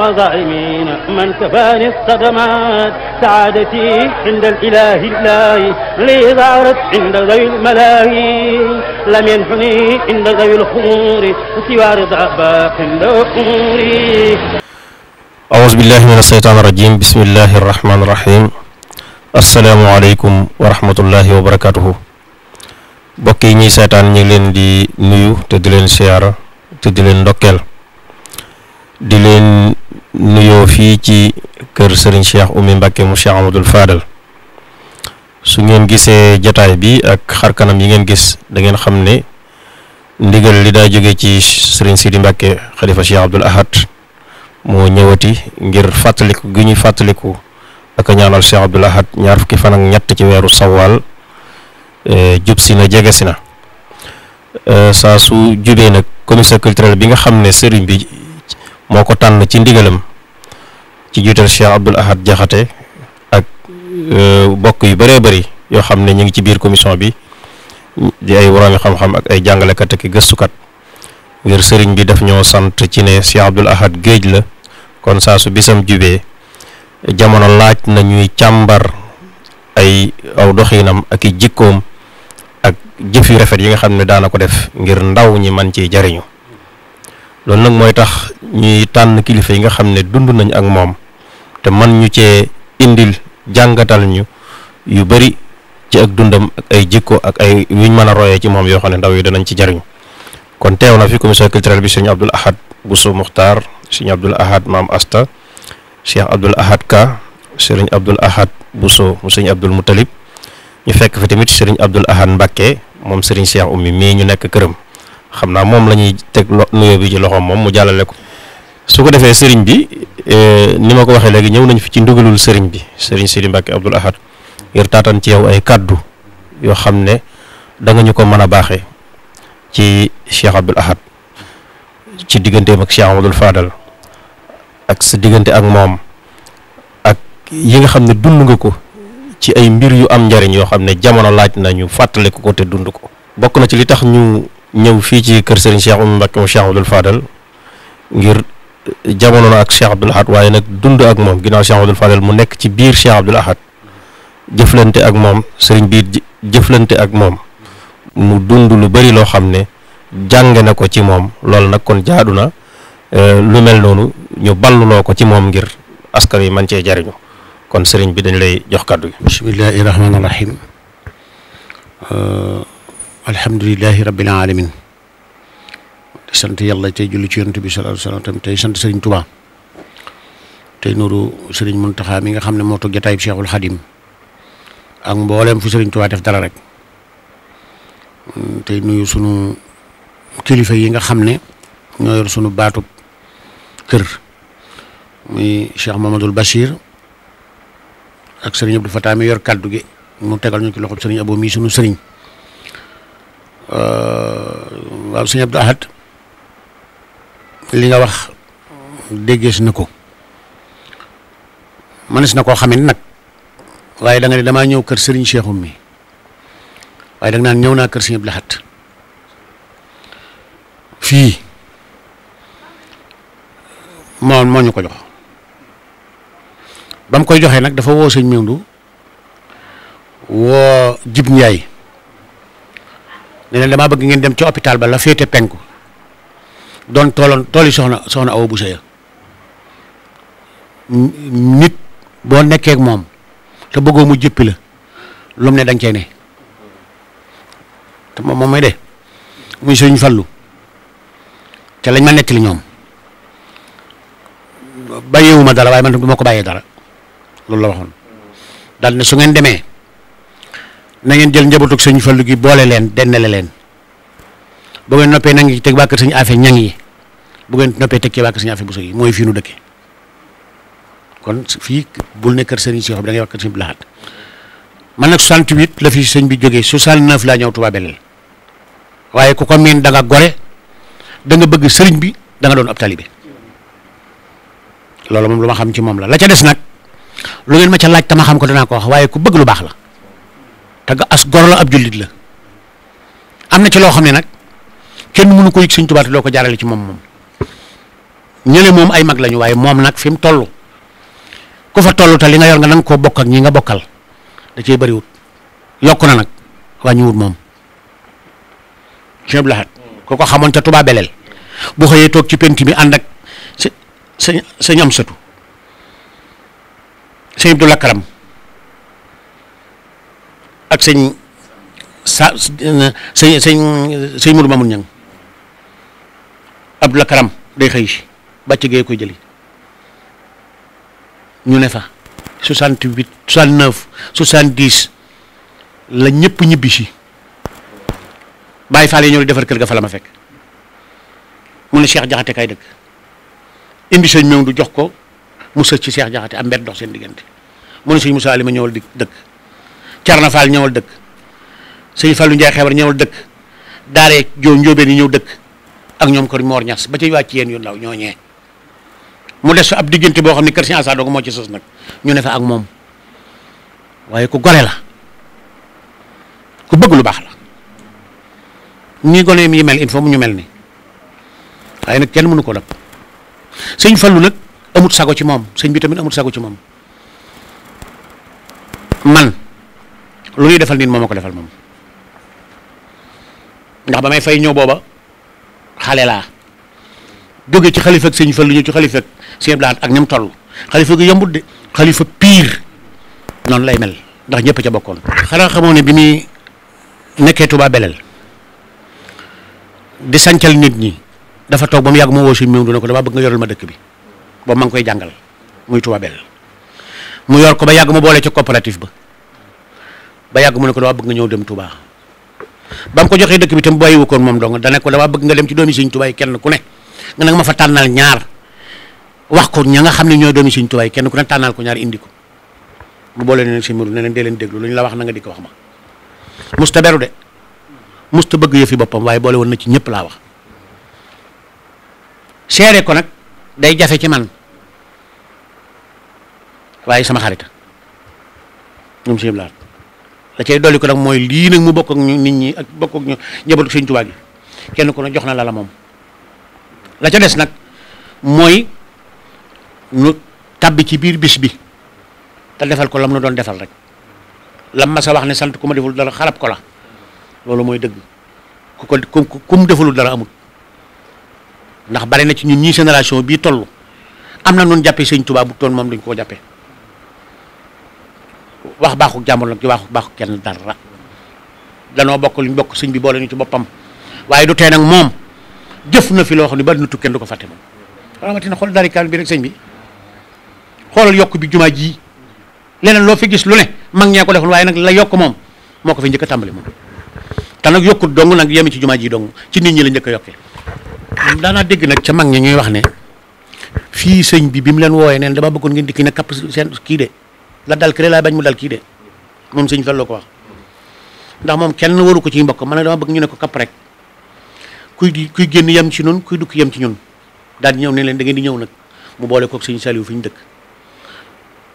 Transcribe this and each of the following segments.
وظالمين من كفاني الصدمات سعادتي عند الإله الله لي ظهرت عند ذوي الملاهي لم ينحني عند ذوي الخمور سوى رضا باق له أموري أعوذ بالله من الشيطان الرجيم بسم الله الرحمن الرحيم السلام عليكم ورحمة الله وبركاته mbokk yi ñuy seetaan ñu ngi leen di nuyu te di leen siyaara te di leen ndokkeel di leen nuyoo fii ci kër sëriñ Cheikh Oumy Mbacke mu Cheikh Amadou Fadal su ngeen gisee jataay bi ak xarkanam yi ngeen gis dangeen xam ne ndigal li daa jóge ci sëriñ Sidi Mbacke xalifa Cheikh Abdoul Ahad moo ñëwati ngir fàttaliku gi ñuy fàttaliku ak ñaanal Cheikh Abdoul Ahad ñaar fukki fan ñett ci weeru sawaal e, jub si na jege si na e, saa su jubee nag commission culturelle bi nga xam ne sëriñ bi moo ko tànn ci ndigalam ci jiital Cheikh Abdoul Ahad Jaxate ak euh, bokk yu bëree bëri yoo xam ne ñu ngi ci biir commission bi di ay woroomi xam-xam ak ay jàngalekat ak i gëstukat ngir sëriñ bi daf ñoo sant ci ne Cheikh Abdoul Ahad géej la kon saa bisam jubee jamono laaj na ñuy càmbar ay aw doxiinam ak i jikkoom ak jëf yu rafet yi nga xam ne daana ko def ngir ndaw ñi man ciy jariñu loolu nag mooy tax ñuy tànn kilifa yi nga xam ne dund nañu ak moom te man ñu cee indil jàngatal ñu yu bari ci ak dundam ak ay jikko ak ay yuñ mën a royee ci moom yoo xam ne ndaw yi danañ ci jariñ kon teew na fi commission culturelle bi sëñ Abdoul Ahad Bousso Muxtaar sëñ Abdoul Ahad Maam Asta Cheikh Abdoul Ahad Ka sëriñ Abdoul Ahad Bousso mu sëñ Abdoul Moutalib ñu fekk fi tamit sëriñ Abdoul Ahad Mbacke moom sëriñ Cheikh Oumy mii ñu nekk këram. xam naa moom la ñuy teg nuyoo bi ci loxoom moom mu jàllale ko su ko defee sëriñ bi e, ni ma ko waxee léegi ñëw nañ fi ci ndugalul sëriñ bi sëriñ Sidi Mbacke Abdoul Ahad ngir taatan ci yow ay kàddu yoo xam ne da ñu ko mën a baaxee ci Cheikh Abdoul Ahad ci digganteem ak Cheikh Amadou Fadal ak sa diggante ak moom ak yi nga xam ne dund nga ko ci ay mbir yu am njariñ yoo xam ne jamono laaj na ñu fàttaliku ko te dund ko bokk na ci li tax ñu. ñëw fii ci kër Serigne Cheikh Oumy Mbacké mu Cheikh Abdoul Fadal ngir eh, jamono na ak Cheikh Abdoul Ahad waaye nag dund ak moom ginnaaw Cheikh Abdoul Fadal mu nekk ci biir Cheikh Abdoul Ahad jëflante ak moom sëriñ biir jëflante ak moom mu dund lu bari loo xam ne jànge na ko ci moom loolu nag kon jaadu na eh, lu mel noonu ñu balluloo ko ci moom ngir askan yi man cee jariñu kon sëriñ bi dañ lay jox kàddu yi bismillahi rahmaani rahim euh, alhamdulilahi rabbil alamin sant yàlla tey julli ci yonent bi sallallahu alayhi tey sant sëriñ Tuubaa tey nuru sëriñ Muntaxa mi nga xam ne moo toog jataayub Cheikhul Xadim ak mbooleem fu sëriñ Tuubaa def dara rek tey nuyu sunu kilifa yi nga xam ne ñoo yor sunu baatub kër muy Cheikh Mamadul Bachir ak sëriñ Abdou fataam mi yor kaddu gi mu tegal ñu ci loxob sëriñ Abo mi sunu sëriñ Euh, waaw sëñ Abdou li nga wax déggees na ko mënees na koo xamee nag waaye da nga ne damaa ñëw kër Serigne Cheikh mi waaye da nga naan ñëw naa kër sëñ Abdou fii moo moo ñu ko jox ba koy joxee nag dafa woo sëñ Mewndu woo Jib Ndiaye. ne leen damaa bëgg ngeen dem ci hôpital ba la féete penku doon tooloon tool soxna soxna Awa Bousso nit boo nekkee moom te bëggoo mu jëppi la lu ne dañ cey ne te moom moom may de muy suñ fallu te lañ ma nettali ñoom bàyyeewuma dara waaye man bu ma ko bàyyee dara loolu la waxoon daal su ngeen demee na ngeen jël njabootug sëñ Fallu gi boole leen dennale leen bu ngeen noppee na ngi teg waa kër sëñ Afe ñang yi bu ngeen noppee teg ci waa kër sëñ Afe Buso yi mooy fii nu dëkke kon fii bul ne kër sëriñ Cheikh bi da ngay wax kër sëñ bi laxaat man nag la fi sëñ bi jógee 69 laa ñëw Touba Belel waaye ku ko miin da nga gore da nga bëgg sëriñ bi da nga doon ab taalibe loolu moom lu ma xam ci moom la la ca des nag lu ngeen ma ca laaj tama xam ko danaa ko wax waaye ku bëgg lu baax la te nga as gor la ab jullit la am na ci loo xam ne nag kenn mënu ko yëg Sëñ Tuubaa doo ko jaarale ci moom moom ñële moom ay mag lañu waaye moom nag fi mu toll ku fa toll te li nga yor nga nanga koo bokk ak ñi nga bokkal da cee bëriwut yokk na nag wàññiwut moom. Cheikh Abdou Lahad ku ko xamoon te Tuubaa bu xëyee toog ci penti bi ànd ak sa sa sa sëtu sëñ Abdou Lakaram ak sëñ sa sëñ sëñ sëñ Mourou Mamoun Niang Abdoulaye Karam day xëy si bàcc gee koy jëli ñu ne fa. 68 69 70 la ñëpp ñibbi si Baye Fall yi ñoo di defar kër ga fa la ma fekk mu ni Cheikh Jaxate kay dëkk indi sëñ du jox ko mu sëcc ci Cheikh Jaxate am mbedd dox seen diggante mu ne sëñ Moussa Alima ñëwal di dëkk. Cerno Faal ñëwal dëkk sëñ Fallu Njaay xebar ñëwal dëkk daaree joo njóobeen yi ñëw dëkk ak ñoom kër Moor Ñas ba ci wàcc yéen yu ndaw ñooñee mu des fa ab diggante boo xam ne kër si Asa Dogo moo ci sos nag ñu ne fa ak moom waaye ku gore la ku bëgg lu baax la nii gone mi mel il mu ñu mel ni waaye nag kenn mënu ko dab sëñ Fallu nag amut sago ci moom sëñ bi tamit amut sago ci moom man lu ñuy defal nit moom ma ko defal moom ndax ba may fay ñëw booba xale laa jóge ci xalifa ak sëñ Fallu ñëw ci xalifa ak Blaat ak ñam toll xalifa gi yombut de xalifa piir noonu lay mel ndax ñëpp ca bokkoon. xanaa xamoo ne bi muy nekkee Touba Belel di sancal nit ñi dafa toog ba mu yàgg moo woo suñu meew ko damaa bëgg nga yoral ma dëkk bi boobu ma ngi koy jàngal muy Touba mu yor ko ba yàgg mu boole ci coopérative ba. ba yàgg mu ne ko dama bëgg nga ñëw dem Touba ba mu ko joxee dëkk bi tam bàyyiwu koon moom dong dana ko dama bëgg nga dem ci doomi Sëriñ Touba yi kenn ku ne nga nag ma fa tànnal ñaar wax ko ña nga xam ne ñooy doomi Sëriñ Touba yi kenn ku ne tànnal ko ñaar indi ko mu boole leen si mbiru ne leen dee leen déglu lu ñu la wax na nga di ko wax ma musta beru de musta bëgg yëfi boppam waaye boole woon na ci ñëpp laa wax seere ko nag day jafe ci man waaye sama xarita ñoom la cay dolli ko nag mooy lii nag mu bokk ak nit ñi ak bokk ak ñu njabootu sëñ kenn ku ne jox na lala la moom la ca des nag mooy nu tàbbi ci biir bis bi te defal ko lam nu doon defal rek la ma wax ne sant ku ma deful dara xarab ko la loolu mooy dëgg ku ko ku mu defalul dara amul ndax bari na ci ñun ñii génération bii toll am na noonu jàppee sëñ Tuubaa bu toon moom dañ koo jàppee wax baaxu jàmbur nag ci wax baaxu kenn dara danoo bokk luñ bokk sëñ bi boole ñu ci boppam waaye du tee nag moom jëf na fi loo xam ne ba na tukkeen du ko fàtte moom rawatina xool dari bi rek sëñ bi xoolal yokk bi jumaa ji leneen loo fi gis lu ne mag ko defoon waaye nag la yokk moom moo ko fi njëkk a tàmbali moom te nag yokkut dong nag yemi ci jumaa ji dong ci nit la njëkk a yokkee daanaa dégg ca mag ñi ñuy wax ne fii sëñ bi bi mu leen wooyee neen dama bëggoon ngeen dikki nag kapp seen kii de la dal kële laay bañ mu dal kii de moom sëñ Fallu ko wax ndax moom kenn waru ko ci mbokk man nag dama bëgg ñu ne ko kapp rek kuy kuy génn yam ci ñun kuy dukk yem ci ñun daal di ñëw ne leen da ngeen di ñëw nag mu boole koog sëñ Saliou fi ñu dëkk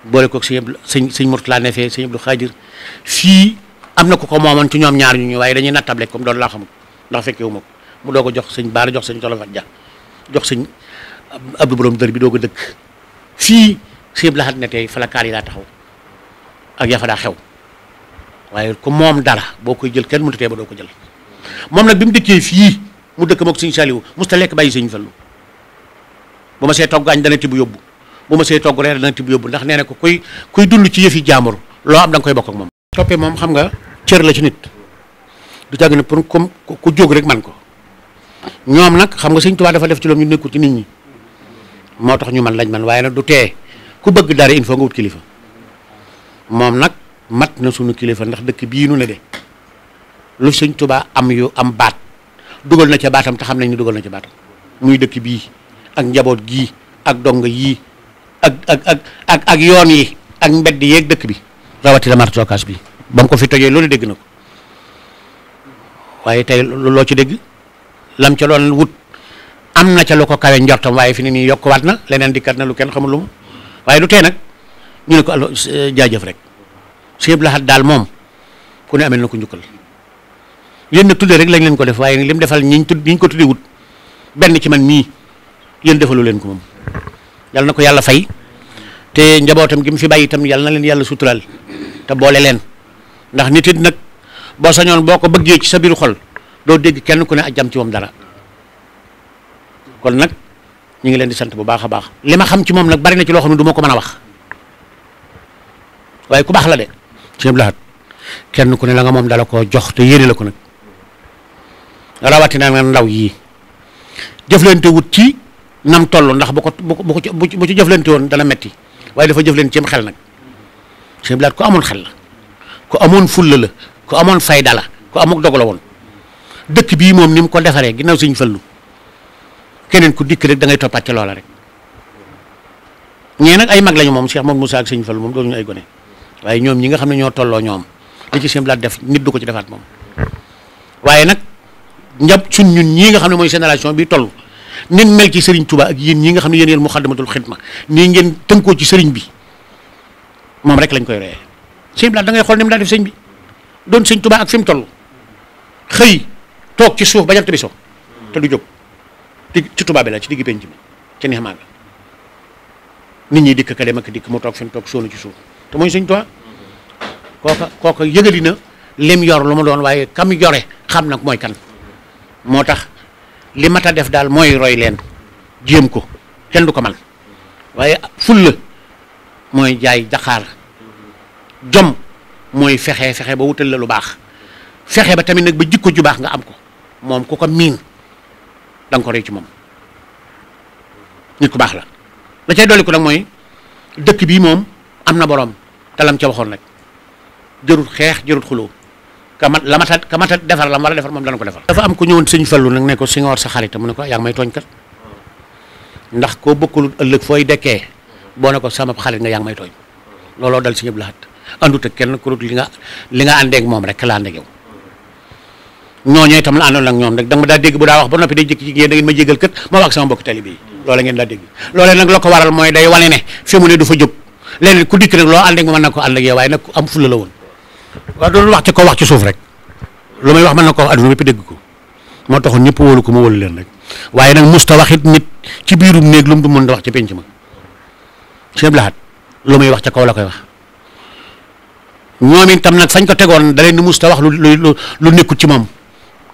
boole koog sëñ sëñ sëñ Mourtala Nefe sëñ Abdou Khadir fii am na ku ko moomoon ci ñoom ñaar ñu waaye dañuy nattable comme doon laa xamul ndax ma ko mu doo ko jox sëñ Baara jox sëñ Tolofat Dia jox sëñ Abdou Borom dër bi doo ko dëkk fii sëñ Abdou Lahad ne tey falakaar yi laa taxaw ak yafa daa xew waaye ku moom dara boo koy jël kenn mënut a tee ba doo ko jël moom nag bi mu dëkkee fii mu dëkk moog sëñ Saliou musta lekk bàyyi sëñ Fallu bu ma see togg añ dana tibb yóbbu bu ma see togg reer dana tibb yóbbu ndax nee ko kuy kuy ci yëfi jaamur loo am da nga koy bokk ak moom. toppee moom xam nga cër la ci nit du jàng ne pour comme ku jóg rek man ko ñoom nag xam nga sëñ Tuubaa dafa def ci loom ñu nekkul ci nit ñi moo tax ñu man lañ man waaye nag du tee ku bëgg dara moom nag mat na sunu kilifa ndax dëkk bii nu ne de lu sëñ tubaa am yu am baat dugal na ca baatam te xam nañ ni dugal na ca baatam muy dëkk bii ak njaboot gii ak dong yii ak ak ak yoon yi ak mbedd yeeg dëkk bi rawatina martokaas bi ba ko fi tojee loolu dégg na ko waaye tey loo ci dégg lam ca doon wut am na ca lu ko kawe njortam waaye fi ne nii yokkuwaat na leneen dikkat na lu kenn xamul lu mu waaye du tee nag ñu ne ko allo eh, jaajëf rek sëñ Abdou Lahad daal moom ku ne amel na ko njukkal leen nag tuddee rek lañ leen ko def waaye lim defal ñiñ tudd ñiñ ko tuddee wut benn ci man mii yéen defalu leen ko moom yàlla na ko yàlla fay te njabootam gi mu fi bàyyi tam yàlla na leen yàlla suturaal te boole leen ndax nit it nag boo sañoon boo ko bëggee ci sa biiru xol doo dégg kenn ku ne jam ci moom dara kon nag ñu ngi leen di sant bu baax a baax li ma xam ci moom nag bari na ci loo ne du ma ko mën a wax waaye ku baax la de ci ñëpp laxat kenn ku ne la nga moom dala koo jox te yéene la ko nag rawatina nga ndaw yii jëflante wut ci nam toll ndax bu ko bu ko bu ci jëflante woon dana metti waaye dafa jëflante cim xel nag ci ñëpp laxat ku amoon xel la ku amoon fulla la ku amoon fayda la ku amuk dog la woon dëkk bii moom ni mu ko defaree ginnaaw suñ fallu keneen ku dikk rek da ngay toppaat ci loola rek ñee nag ay mag lañu moom Cheikh Mouhamed Moussa ak sëñ Fallu moom doonuñu gone waaye ñoom ñi nga xam ne ñoo tolloo ñoom li ci simlaat def nit du ko ci defaat moom waaye nag njab suñ ñun ñii nga xam ne mooy génération bi toll neen mel ci Serigne Touba ak yéen ñi nga xam ne yéen yéen Muxaddamatul Xidma nii ngeen tënkoo ci Serigne bi moom rek lañ koy royee sëñ bi da ngay xool ni mu daa def sëñ bi doon sëñ Touba ak fi mu toll xëy toog ci suuf ba jant bi so te du jóg ci Touba bi la ci digg penc bi ci neex maa nit ñi dikk ka dem ak dikk mu toog fi toog sóonu ci suuf. te mooy sëñ Tuubaa kooka kooka yëgali na lim yor lu ma doon waaye kam yore xam nag mooy kan moo tax li mat a def daal mooy roy leen jéem ko kenn du ko man waaye fulla mooy jaay jaxaar jom mooy fexe fexe ba wutal la lu baax fexe ba tamit nag ba jikko ju baax nga am ko moom ku ko miin da nga ko rey ci moom nit ku baax la la cay dolli ko nag mooy dëkk bii moom am na boroom te lam ca waxoon nag jërul xeex jërul xuloo ka mat la mata ka mata defar la war a defar moom dana ko defar. dafa am ku ñëwoon sëñ Fallu nag ne ko si nga ko ah, yaa ngi may tooñ koo bokkul ëllëg fooy dekkee boo ne ko sama xarit nga yaa ngi may tooñ looloo dal si ñëpp laxat àndut ak kenn ku dul li nga li nga moom rek la àndeeg yow ñooñu itam la àndoon ak ñoom rek da nga ma daa dégg bu daa wax ba noppi day jékki-jékki yéen da ma jégal kët ma wax sama mbokk tali bi ngeen daa dégg loolee nag la ko waral mooy day wane ne léeg ku dikk nag loo ànd ak ma na ko ànd ak yow waaye nag am fulla la woon waa doon wax ci ko wax ci suuf rek lu may wax mën na ko wax adduna bépp dégg ko moo taxoon ñëpp wóolu ko ma wóolu leen rek waaye nag musta wax it nit ci biirum néeg lu mu du mën wax ci penc ma sëñ laxat lu muy wax ca kaw la koy wax ñoom tam nag fañ ko tegoon da leen ni musta wax lu lu lu nekkut ci moom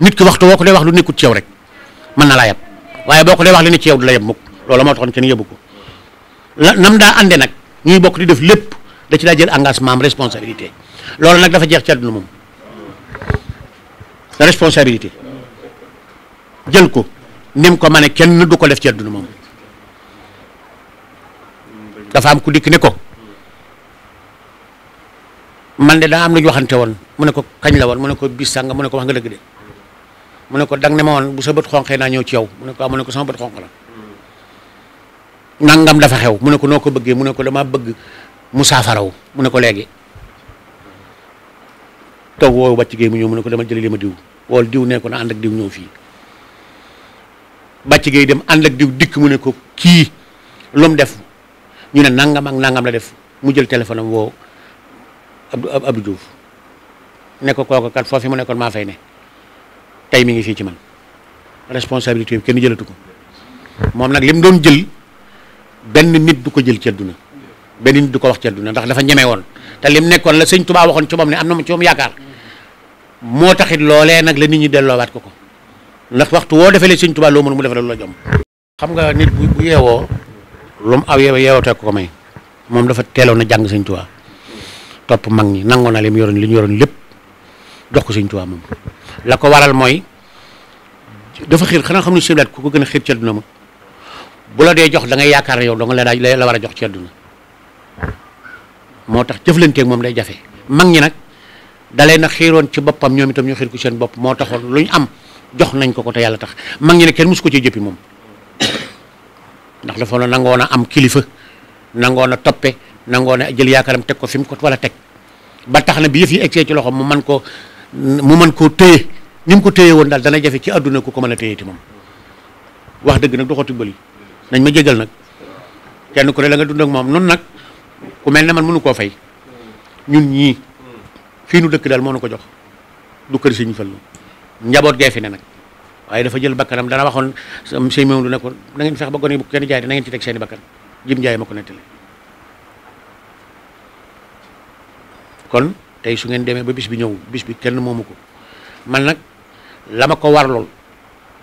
nit ki waxtu boo ko dee wax lu nekkut ci yow rek mën na laa yab waaye boo ko dee wax li ne ci yaw du la yab mukk loolu moo taxoon kenn yëbu ko la nam daa àndee nag ñuy bokk di def lépp da ci daa jël engagement am responsabilité loolu nag dafa jeex ci àdduna moom jël ko ni mu ko mane kenn du ko def ci àdduna moom dafa am ku dikk ne ko man de daa am lu waxante woon mu ne ko kañ la woon mu ne ko bis sànga mu ne ko wax nga dëgg de mu ne ko dang ne ma woon bu sa bët xonqee naa ñëw ci yow mu ne ko ah mu ne ko sama bët xonq la nangam dafa xew mu ne ko noo ko bëggee mu ko dama bëgg mu saafaraw mu ne ko léegi toog woo wàcc mu ñëw mu ne ko dama jëli li ma diw wool diw ne ko na ànd ak diw ñëw fii bàcc géey dem ànd ak diw dikk mu ne ko kii lu mu def ñu ne nangam ak nangam la def mu jël téléphone am woo Abdou Abdou Diouf ne ko kat foofu mu nekkoon maa fay ne tey mi ngi fii ci man responsabilité bi kenn jëlatu ko moom nag lim doon jël. benn nit du ko jël ci àdduna benn nit du ko wax ci àdduna ndax dafa ñeme woon te lim nekkoon la sëñ tubaa waxoon ci moom ne am na mu ci moom yaakaar moo taxit loolee nag la nit ñi delloowaat ko ko ndax waxtu woo defee la sëñ Tuubaa loo mën mu defal la jom xam nga nit bu bu yeewoo lu mu aw yeew yeewatee ko ko may moom dafa teeloon a jàng sëñ Tuubaa topp mag ñi nangoo na lim yoroon li ñu yoroon lépp jox ko sëñ Tuubaa moom la ko waral mooy dafa xiir xanaa xam ne sëñ ku ko gën a xiir ci àdduna ma bu la dee jox da ngay yaakaar ne yow danga la la war a jox ci àdduna moo tax jëflanteeg moom day jafe mag ñi nag dalee na xiiroon ci boppam ñoom itam ñu xiir ko seen bopp moo taxoon lu ñu am jox nañ ko ko te yàlla tax mag ñi nag kenn mosu ko ci jëppi moom ndax dafa nangoon a am kilifa nangoon a toppe nangoon a jël yaakaaram teg ko fi mu ko wala teg ba tax na bi yëf yi egsee ci loxo mu man ko mu mën koo téye ni ko téye woon daal dana jafe ci àdduna ku ko mën a téye ti moom dëgg nag doxati bëli nañ ma jégal nag kenn ku ne la nga dund ak moom noonu nag ku mel ne man mënu koo fay ñun ñii fii nu dëkk daal moo nu ko jox du kër sëñ Fallu njaboot gee fi ne nag waaye dafa jël bakkanam dana waxoon sëñ Maodo ne ko na ngeen fex ba gone bu kenn jaay na ngeen ci teg seeni bakkan jim jaay ma ko nettali kon tey su ngeen demee ba bis bi ñëw bis bi kenn moomu ko man nag la ma ko warlool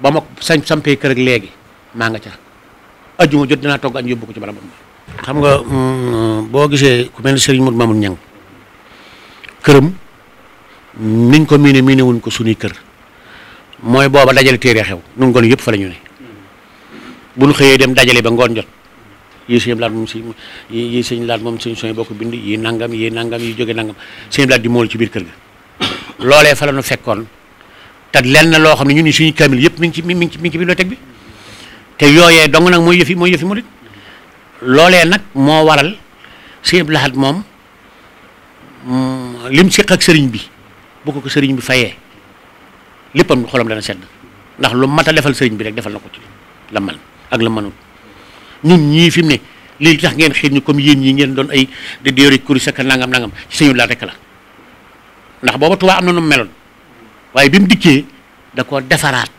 ba ma sañ sampee kër ak léegi maa nga ca ajuma jot dinaa togg añ yóbbu ko ci barabam bi xam nga mm, boo gisee ku mel ni Serigne Modou Mamoun Niang këram niñ ko miine miine wuñ ko suñuy kër mooy booba dajale téere xew nun ngoon yëpp fa lañu ñu ne bu ñu xëyee dem dajale ba ngoon jot yi sëñ laat moom si yi sëñ laat moom sëñ sooy bokk bind yi nangam yi nangam yi jóge nangam sëñ laat di mool ci biir kër ga loolee fa la nu fekkoon te lenn loo xam ne ñu ni suñu kamil yëpp mi ngi ci mi ngi ci mi ngi ci bi te yooyee dong nag mooy yëfi mooy yëfi murit loolee nag moo waral Sëñ Abdou Lahad moom mm, lim siq ak sëriñ bi bu ko ko sëriñ bi fayee léppam xolam dana sedd ndax lu mat a defal sëriñ bi rek defal na ko ci la ak la manut ñun ñii fi mu ne lii tax ngeen xiir ñu comme yéen yi ngeen doon ay di déori kuris nangam nangam ci Sëñ la ndax booba am na nu meloon waaye bi mu dikkee da ko defaraat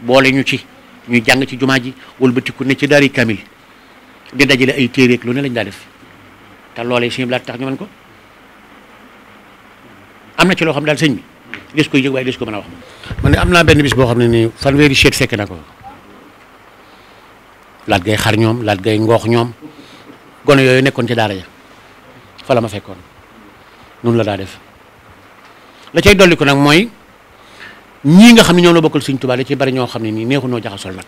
boole ñu ci ñuy jàng ci jumaa ji wëlbatiku ne ci daari kamil di dajale ay téere ak lu ne lañ daa def te loolee si laa tax ñu mën ko am na ci loo xam daal sëñ bi des koy yëg waaye des ko mën a wax. man ne am naa benn bis boo xam ne nii fanweeri seet fekk na ko laat gay xar ñoom laat gay ngoox ñoom gone yooyu nekkoon ci daara ja fa la ma fekkoon noonu la daa def la cay dolli ko nag mooy. ñii nga xam ne ñoom la bokkal Sëriñ Tuubaa da ci bari ñoo xam ne nii neexu noo jaxasool nag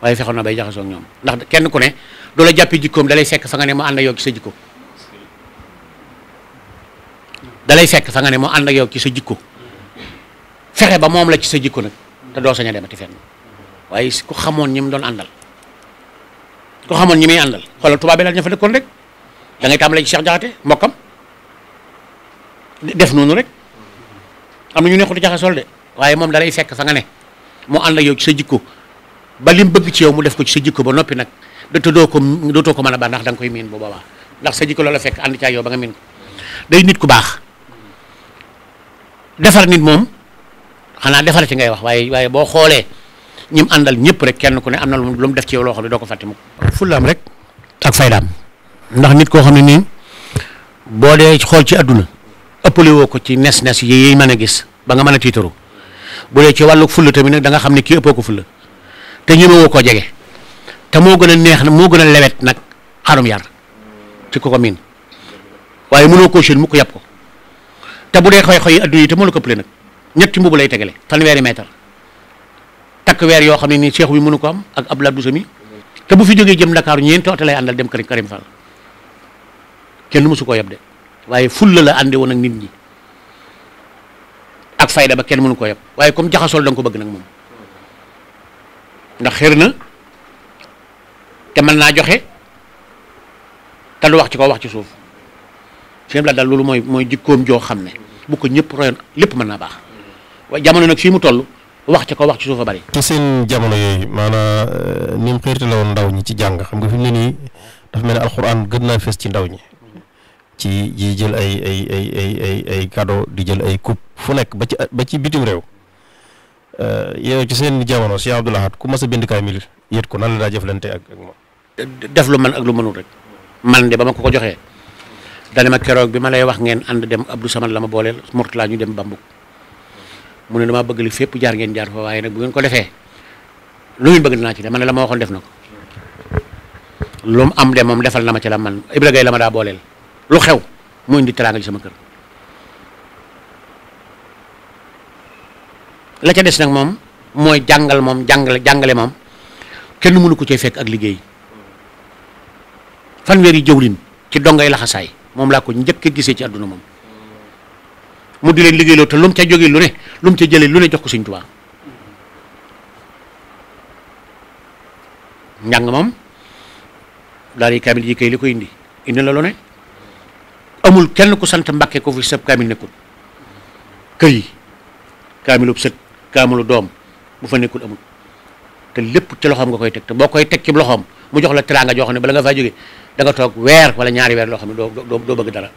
waaye fexoon na bay jaxasoo ñoom ndax kenn ku ne doo la jàppee jikkoom dalay sekk fa nga ne mu ànd sa jikko dalay fekk fa nga ne mu ànd ak yow ci sa jikko fexe ba moom la ci sa jikko nag te doo sañ a demati fenn waaye ku xamoon ñi mu doon àndal ku xamoon ñi muy àndal xoolal tubaab bi la ñu fa nekkoon rek da ngay tàmbalee ci Cheikh Jaxate mbokkam def noonu rek am na ñu neexut jaxasool de waaye moom dalay fekk fa nga ne mu ànd ak yow ci sa jikko ba lim bëgg ci yow mu def ko ci sa jikko ba noppi nag da ko dootoo ko mën a baax ndax da koy miin bu boobaa ndax sa jikko loola fekk ànd ca yow ba nga miin ko day nit ku baax defar nit moom xanaa defar ci ngay wax waaye waaye boo xoolee ñim àndal ñëpp rek kenn ku ne am na lu mu def ci yow loo xam ne doo ko fàtte mukk fullaam rek ak faydaam ndax nit koo xam ne nii boo dee xool ci àdduna ëppale woo ko ci nes nes yi mën a gis ba nga mën a tiitaru bu dee ci wàllu fulla tamit nag danga xam ne kii ëppoo ko fulla te ñemewoo koo jege te moo gën a neex na moo gën a lewet nag xarum yar ci ko ko miin waaye mënoo koo séen mu ko yàpp ko te bu dee xoy-xoy adduna yi te moo la ko ëppale nag ñetti mbubu lay tegale fanweeri mètre takk weer yoo xam ne nii seexu bi mënu ko am ab abla dusami te bu fi jógee jëm Dakar ñeenti oto lay àndal dem Karim Karim Fall kenn mësu koo yab de waaye fulla la ànde woon ak nit ñi ak fayda ba kenn mënu ko yëpp waaye comme jaxasool la nga ko bëgg nag moom ndax xër na te mën naa joxe te wax ci ko wax ci suuf fi mu la daal loolu mooy mooy jikkoom joo xam ne bu ko ñëpp royoon lépp mën naa baax jamono nag fii mu toll wax ci ko wax ci suuf a bari. te seen jamono yooyu maanaam euh, ni mu xeertale woon ndaw ñi ci jàng xam nga fi ne nii dafa mel ne alxuraan gën naa fees ci ndaw ñi. ci yi jël ay ay ay ay di jël ay coupe fu nekk ba ci ba ci bitim réew euh, yow ci seen jamono Cheikh Abdoul Ahad ku mas a bind kaamil yët ko nan la daa jëflante ak ak def lu man ak lu mënul rek man de ba ma ko ko joxee dane ma keroog bi ma lay wax ngeen ànd dem Abdou Samad la ma booleel Mourtala ñu dem Bambuk mu ne damaa bëgg li fépp jaar ngeen jaar fa waaye nag bu ngeen ko defee lu ngeen bëgg dinaa ci de ma ne la ma waxoon def na ko lu mu am de moom defal na ma ci la man Ibra Gaye la ma lu xew moo indi teraanga ji sama kër la ca des nag moom mooy jàngal moom jàngale jàngale moom kenn mënu ko cee fekk ak liggéey fanweer yi jëwlin ci dongay laxasaay moom laa ko njëkk a gisee ci àdduna moom mu di leen liggéeyloo te lu mu ca jógee lu ne lu mu ca jëlee lu ne jox ko Sëñ Tuubaa njàng moom daal yi kaamil yi kay li ko indi indi la lu ne amul kenn ku sant Mbàkke ko fi sëb kaamil nekkul këy kaamilub sët kaamilu doom bu fa nekkul amul te lépp ci loxoom nga koy teg te boo koy teg ci loxoom mu jox la teraanga joo xam ne bala nga faa jógee da nga weer wala ñaari weer loo xam ne doo doo bëgg dara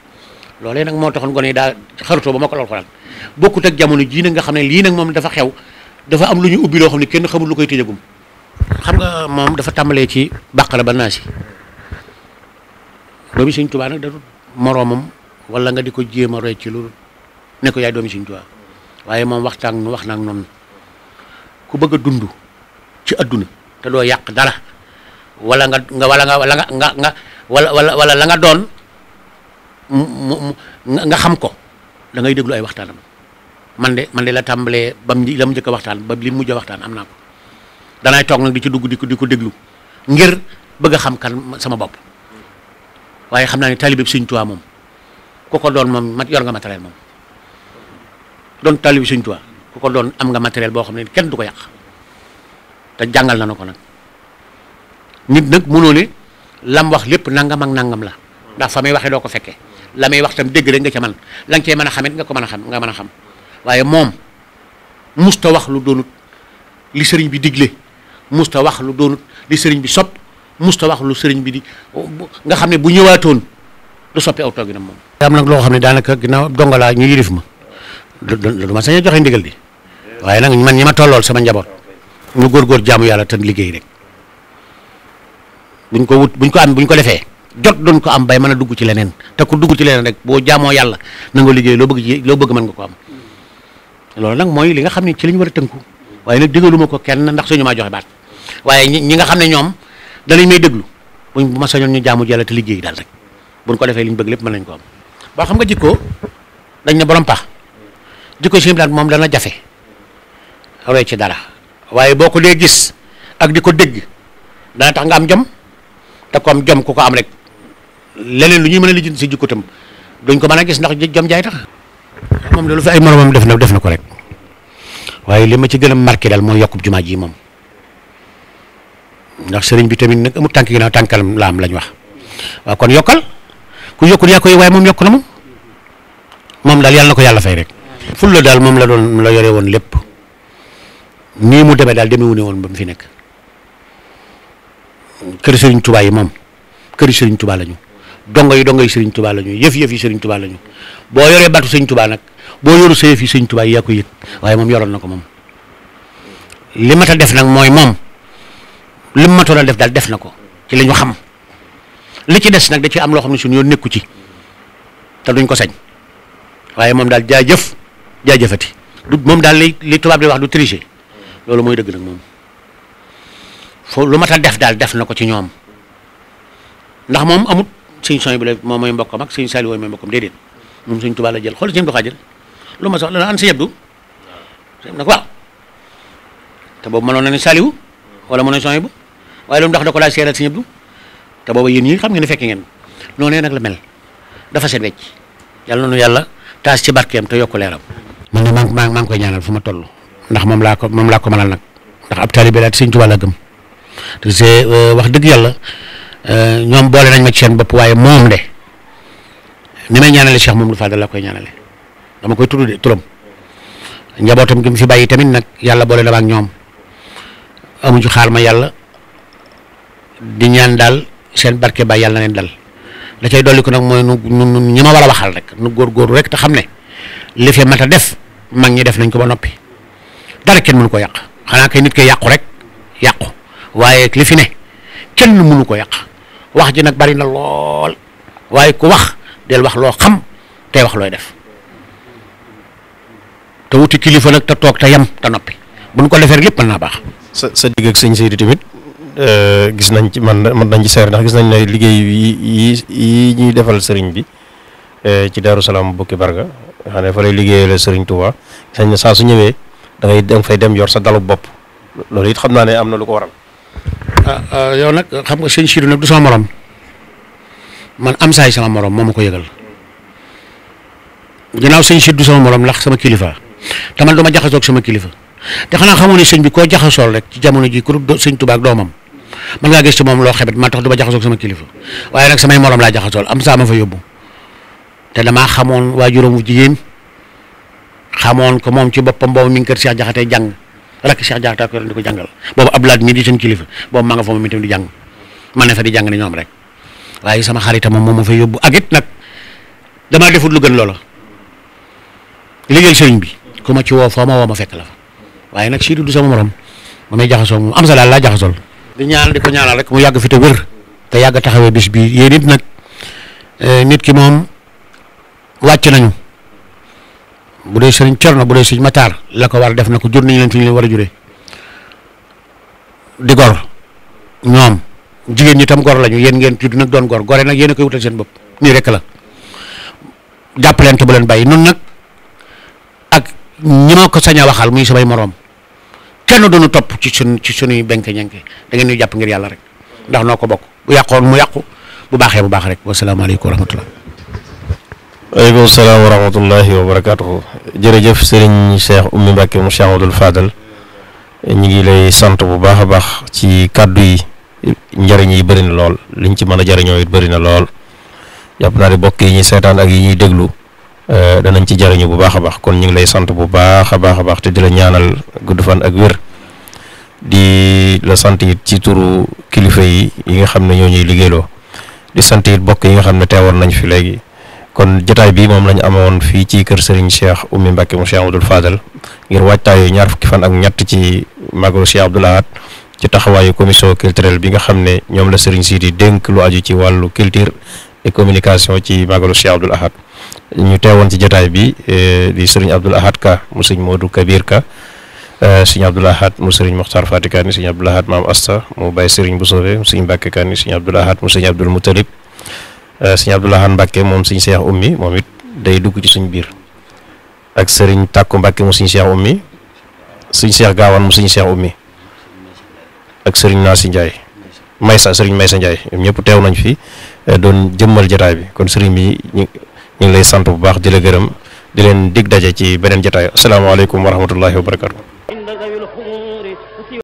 loolee nag moo taxoon gone yi daa xarutoo ba ma ko lool xalaat ak jamono jii nag nga xam ne lii nag moom dafa xew dafa am lu ñu ubbi loo xam ne kenn xamul lu koy tëjagum. xam nga moom dafa tàmbalee ci bàqara ba naasi doomi Sëñ Tuubaa nag moroomam wala nga di ko jéem a roy ci lu ne ko yaay doomi Sëriñ Tuubaa waaye moom waxtaan nu wax naag noonu ku bëgg a dund ci adduna te doo yàq dara wala nga nga wala nga wala nga nga nga wala wala wala la nga doon mu nga xam ko da ngay déglu ay waxtaanam man de man de la tàmbalee bam mu la mu njëkk a waxtaan ba li mu mujj waxtaan am naa ko danaay toog nag di ci dugg di ko di ko déglu ngir bëgg a xam kan sama bopp waaye xam naa ne taalibe bi Sëñ Tuubaa moom ku ko doon moom yor nga matériel moom doon taalibe bi Sëñ Tuubaa ku ko doon am nga matériel boo xam ne kenn du ko yàq te jàngal na na ko nag nit nag mënoo ne lam wax lépp nangam ak nangam la ndax fa may waxee doo ko fekkee la may wax tam dégg rek nga ca man lañ nga cee mën a xamit nga ko mën a xam nga mën a xam waaye moom musta wax lu doonut li sëriñ bi digle musta wax lu doonut li sëriñ bi sob musta wax lu sëriñ bi di nga xam ne bu ñëwaatoon du soppi aw tooginam moom. am nag loo xam ne daanaka ginnaaw dongalaa ñu yilif ma du du ma sañ a joxe ndigal di waaye nag man ñi ma tollool sama njaboot ñu góorgóor jaamu yàlla te liggéey rek buñ ko wut buñ ko am buñ ko defee jot doon ko am bay mën a dugg ci leneen te dugg ci leneen rek boo jaamoo yàlla na nga liggéey loo bëgg loo bëgg mën nga ko am loolu nag mooy li nga xam ne ci lañ war a tënku waaye nag digaluma ko kenn ndax suñu maa joxe baat waaye ñi nga xam ne ñoom. danañ may déglu buñ bu ma sañoon ñu jaamu Yàlla te liggéey daal rek buñ ko defee liñ bëgg lépp mën nañ ko am ba xam nga jikko dañ ne borom pax jikko si daal moom dana jafe roy ci dara waaye boo ko dee gis ak di ko dégg dana tax nga am jom te ko am jom ku ko am rek leneen lu ñuy mën a lijjanti si jikko tam duñ ko mën a gis ndax jom jaay tax moom loolu fi ay moromam def na def na ko rek waaye li ma ci gën a marqué daal mooy yokku jumaa ji moom ndax sëriñ bi tamit nag mu tànk ginnaaw tànkal la am lañ wax kon yokkal ku yokkul yaa koy waaye moom yokk na moom moom daal yàlla ko yàlla fay rek. la daal moom la doon la yore woon lépp nii mu demee daal demewu woon ba mu fi nekk kër sëriñ Tuubaa yi moom kër sëriñ Tuubaa lañu dongo yi dongo yi sëriñ Tuubaa lañu yëf yëf yi sëriñ Tuubaa lañu nag boo yoru sa yëf yi sëriñ Tuubaa waaye moom yoroon na ko moom li def nag mooy moom. li mu matoon a def daal def na ko ci li ñu xam li ci des nag da ci am loo xam ne suñu yoon nekku ci te duñ ko sañ waaye moom daal jaajëf jaajëfati du moom daal li li tubaab di wax du tricher loolu mooy dëgg nag moom foo lu mat a def daal def na ko ci ñoom ndax moom amut suñ son bi la moom mooy mbokkam ak suñ Saliou mooy mbokkam moom suñ tubaab la jël xool si ñoom du xaajal ma soxla la an si yebdu nag waaw te boobu mënoon na ni Saliou wala mënoon son bu waaye loolu ndax da ko daal seeral sëñ Abdou te booba yéen ñi xam ngeen ne fekk ngeen noonee nag la mel dafa seen wecc yàlla nu yàlla taas ci barkeem te yokk leeram. man de maa maa ngi koy ñaanal fu ma toll ndax moom laa ko moom laa ko mënal nag ndax ab taalibe la sëñ Tuubaa la gëm te c'est euh, wax dëgg yàlla euh, ñoom boole nañ ma ci seen bopp waaye moom de ni may ñaanale Cheikh moom lu Fadal laa koy ñaanale dama koy tudd de turam njabootam gi mu fi bàyyi tamit nag yàlla boole na ak ñoom amuñu xaar ma yàlla. di ñaan daal seen barke ba yàlla na leen dal da cay dolli ko nag mooy nu nu ñi ma war waxal rek nu góorgóorlu rek te xam ne li fi mat a def mag ñi def nañ ko ba noppi dara kenn mënu ko yàq xanaa ke nit koy yàqu rek yàqu waaye li fi ne kenn mënu ko yàq wax ji nag bari na lool waaye ku wax del wax loo xam tey wax looy def te wuti kilifa nag te toog te yam te noppi bu ñu ko defee lépp mën naa baax. sa sa digg ak sëñ Seydi tamit. Euh, gis nañ ci man mën nañ ci seer ndax gis nañ ne liggéey yi yi ñuy defal sëriñ bi euh, ci Daaru Salaam Bokki Barga nga xam ne fa lay liggéeyale sëriñ Touba saa su ñëwee da ngay fay dem yor sa dalu bopp loolu it xam naa ne am na lu ko waral. Ah, ah, yow nag xam nga sëñ Siidu nag du sama morom man am saay sama morom moom ma ko yëgal ginnaaw sëñ Siidu du sama morom ndax sama kilifa te man duma jaxasoo sama kilifa te xanaa xamoo ne sëñ bi koo jaxasool rek ci jamono ji ku sëñ doomam. man ngaa gis ci moom loo xebet ma tax du ma jaxasoog sama kilifa waaye nag samay morom laa jaxasool am saa ma fa te damaa xamoon waajuram wu jigéen xamoon ko moom ci boppam mi ngi kër Cheikh Jaxate jàng rakk Cheikh Jaxate ak yoroon di ko jàngal boobu Abdoulaye mii di seen ma nga fa moom di jàng man ne di jàng ni ñoom rek waaye sama xarita moom moom ma fa yóbbu ak it damaa defut lu gën loola liggéeyal bi ma ci woo foo ma woo fekk la fa waaye nag si du sama morom ma may jaxasoo moom am sa laa jaxasool di ñaan di ko ñaanal rek mu yàgg fi te wér te yàgg taxawee bis bi yéen nag eh, nit ki moom wàcc nañu bu dee sëriñ Cerno bu dee sëriñ Mataar la ko war def na ko jur nañu leen fi ñu leen war a juree di gor ñoom jigéen ñi tam gor lañu yéen ngeen judd nag doon gor gore nag yéen a koy wutal seen bopp nii rek la jàpp leen te bu leen bàyyi noonu nag ak ñi ma ko sañ a waxal muy samay moroom kenn duñu topp ci suñ ci suñuy benk ñenke da ngeen ñuy jàpp ngir yàlla rek ndax noo ko bokk bu yàqoon mu yàqu bu baaxee bu baax rek wasalaamaaleykum wa rahmatullah aleykum salaam wa jërëjëf sëriñ Cheikh Oumy Mbacké mu Cheikh Abdoul Fadal ñu ngi lay sant bu baax a baax ci kàddu yi njëriñ yi bëri na lool liñ ci mën a jëriñoo it bëri na lool jàpp naa ne bokk yi ñuy seetaan ak yi ñuy déglu Euh, danañ ci jariñu bu baax a baax kon ñu ngi lay sant bu baax a baax a baax te di la ñaanal gudd fan ak wér di la sant it ci turu kilifa yi yi nga xam ne ñoo ñuy liggéeyloo di sant it bokk yi nga xam ne teewoon nañ fi léegi kon jotaay bi moom lañ amoon fii ci kër Serigne Cheikh Oumy Mbacke mu Cheikh Abdoul Fadal ngir waajtaayu ñaar fukki fan ak ñett ci magalu Cheikh Abdoul Ahad ci taxawaayu commission culturelle bi nga xam ne ñoom la Serigne si di dénk lu ci wàllu culture et communication ci màggalu Cheikh Abdoul Ahad ñu teewoon ci jotaay bi e, di sëriñ Abdoul Ahad Ka mu sëriñ Modou Kabir Ka e, sëriñ Abdoul Ahad mu sëriñ Mokhtar Fati Kani sëriñ Abdoul Ahad maam Asta mu bàyyi sëriñ Boussofé mu sëriñ Mbacke Kani sëriñ Abdoul Ahad mu sëriñ Abdoul Moutalib e, sëriñ Abdoul Ahad Mbacke moom sëriñ seex Oumy moom it day dugg ci suñ biir ak sëriñ Takku Mbacke mu sëriñ Cheikh Oumy sëriñ Cheikh Gaawaan mu sëriñ Cheikh Oumy ak sëriñ Nasi Ndiaye Maysa sëriñ nañ fi doon jëmmal jataay bi kon sëriñ bi ñu ngi lay sant bu baax di la di leen dig daje ci beneen jataay asalaamaaleykum wa rahmatullahi wa barakatu